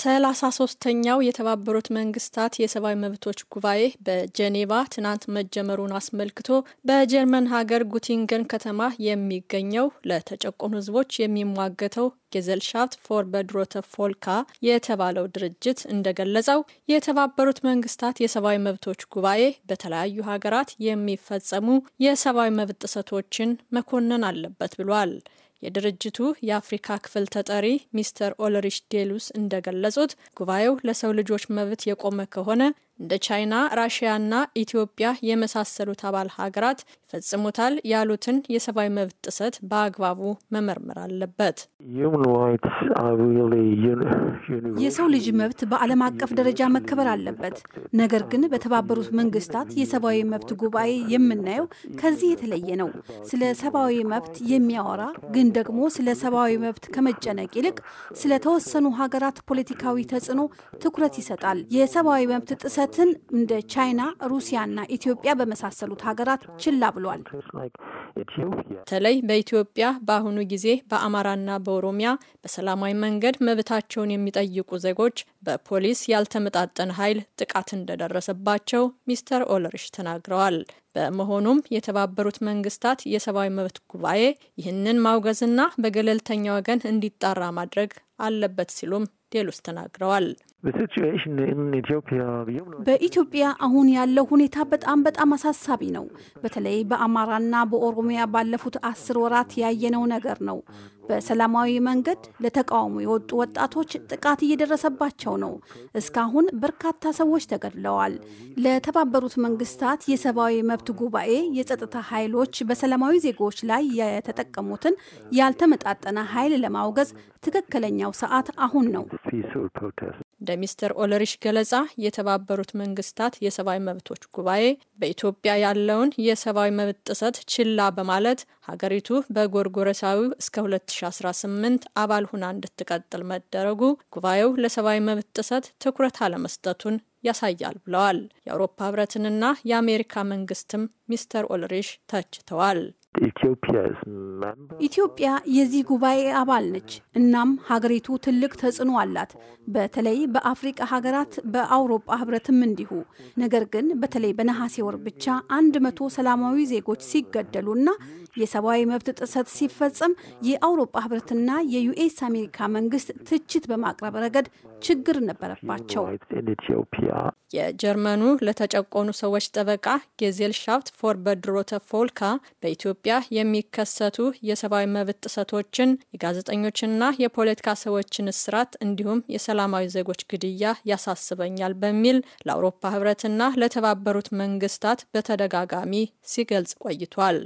ሰላሳ ሶስተኛው የተባበሩት መንግስታት የሰብአዊ መብቶች ጉባኤ በጀኔቫ ትናንት መጀመሩን አስመልክቶ በጀርመን ሀገር ጉቲንገን ከተማ የሚገኘው ለተጨቆኑ ህዝቦች የሚሟገተው ጌዘልሻፍት ፎር በድሮተ ፎልካ የተባለው ድርጅት እንደገለጸው የተባበሩት መንግስታት የሰብአዊ መብቶች ጉባኤ በተለያዩ ሀገራት የሚፈጸሙ የሰብአዊ መብት ጥሰቶችን መኮንን አለበት ብሏል። የድርጅቱ የአፍሪካ ክፍል ተጠሪ ሚስተር ኦለሪሽ ዴሉስ እንደገለጹት ጉባኤው ለሰው ልጆች መብት የቆመ ከሆነ እንደ ቻይና፣ ራሽያና ኢትዮጵያ የመሳሰሉት አባል ሀገራት ይፈጽሙታል ያሉትን የሰብአዊ መብት ጥሰት በአግባቡ መመርመር አለበት። የሰው ልጅ መብት በዓለም አቀፍ ደረጃ መከበር አለበት። ነገር ግን በተባበሩት መንግስታት የሰብአዊ መብት ጉባኤ የምናየው ከዚህ የተለየ ነው። ስለ ሰብአዊ መብት የሚያወራ ግን ደግሞ ስለ ሰብአዊ መብት ከመጨነቅ ይልቅ ስለተወሰኑ ሀገራት ፖለቲካዊ ተጽዕኖ ትኩረት ይሰጣል። የሰብአዊ መብት ጥሰት ህብረትን እንደ ቻይና፣ ሩሲያና ኢትዮጵያ በመሳሰሉት ሀገራት ችላ ብሏል። በተለይ በኢትዮጵያ በአሁኑ ጊዜ በአማራና በኦሮሚያ በሰላማዊ መንገድ መብታቸውን የሚጠይቁ ዜጎች በፖሊስ ያልተመጣጠነ ኃይል ጥቃት እንደደረሰባቸው ሚስተር ኦለርሽ ተናግረዋል። በመሆኑም የተባበሩት መንግስታት የሰብአዊ መብት ጉባኤ ይህንን ማውገዝና በገለልተኛ ወገን እንዲጣራ ማድረግ አለበት ሲሉም ዴሉስ ተናግረዋል። በኢትዮጵያ አሁን ያለው ሁኔታ በጣም በጣም አሳሳቢ ነው። በተለይ በአማራና በኦሮሚያ ባለፉት አስር ወራት ያየነው ነገር ነው። በሰላማዊ መንገድ ለተቃውሞ የወጡ ወጣቶች ጥቃት እየደረሰባቸው ነው። እስካሁን በርካታ ሰዎች ተገድለዋል። ለተባበሩት መንግስታት የሰብአዊ መብት ጉባኤ የጸጥታ ኃይሎች በሰላማዊ ዜጎች ላይ የተጠቀሙትን ያልተመጣጠነ ኃይል ለማውገዝ ትክክለኛው ሰዓት አሁን ነው። እንደ ሚስተር ኦለሪሽ ገለጻ የተባበሩት መንግስታት የሰብአዊ መብቶች ጉባኤ በኢትዮጵያ ያለውን የሰብአዊ መብት ጥሰት ችላ በማለት ሀገሪቱ በጎርጎረሳዊ እስከ 2018 አባል ሁና እንድትቀጥል መደረጉ ጉባኤው ለሰብአዊ መብት ጥሰት ትኩረት አለመስጠቱን ያሳያል ብለዋል። የአውሮፓ ህብረትንና የአሜሪካ መንግስትም ሚስተር ኦልሪሽ ተችተዋል። ኢትዮጵያ የዚህ ጉባኤ አባል ነች። እናም ሀገሪቱ ትልቅ ተጽዕኖ አላት፣ በተለይ በአፍሪቃ ሀገራት፣ በአውሮፓ ህብረትም እንዲሁ። ነገር ግን በተለይ በነሐሴ ወር ብቻ አንድ መቶ ሰላማዊ ዜጎች ሲገደሉና የሰብአዊ መብት ጥሰት ሲፈጸም የአውሮፓ ህብረትና የዩኤስ አሜሪካ መንግስት ትችት በማቅረብ ረገድ ችግር ነበረባቸው። የጀርመኑ ለተጨቆኑ ሰዎች ጠበቃ ሻፍት ፎር በድሮተ ፎልካ በኢትዮጵያ የሚከሰቱ የሰብአዊ መብት ጥሰቶችን፣ የጋዜጠኞችና የፖለቲካ ሰዎችን እስራት እንዲሁም የሰላማዊ ዜጎች ግድያ ያሳስበኛል በሚል ለአውሮፓ ህብረትና ለተባበሩት መንግስታት በተደጋጋሚ ሲገልጽ ቆይቷል።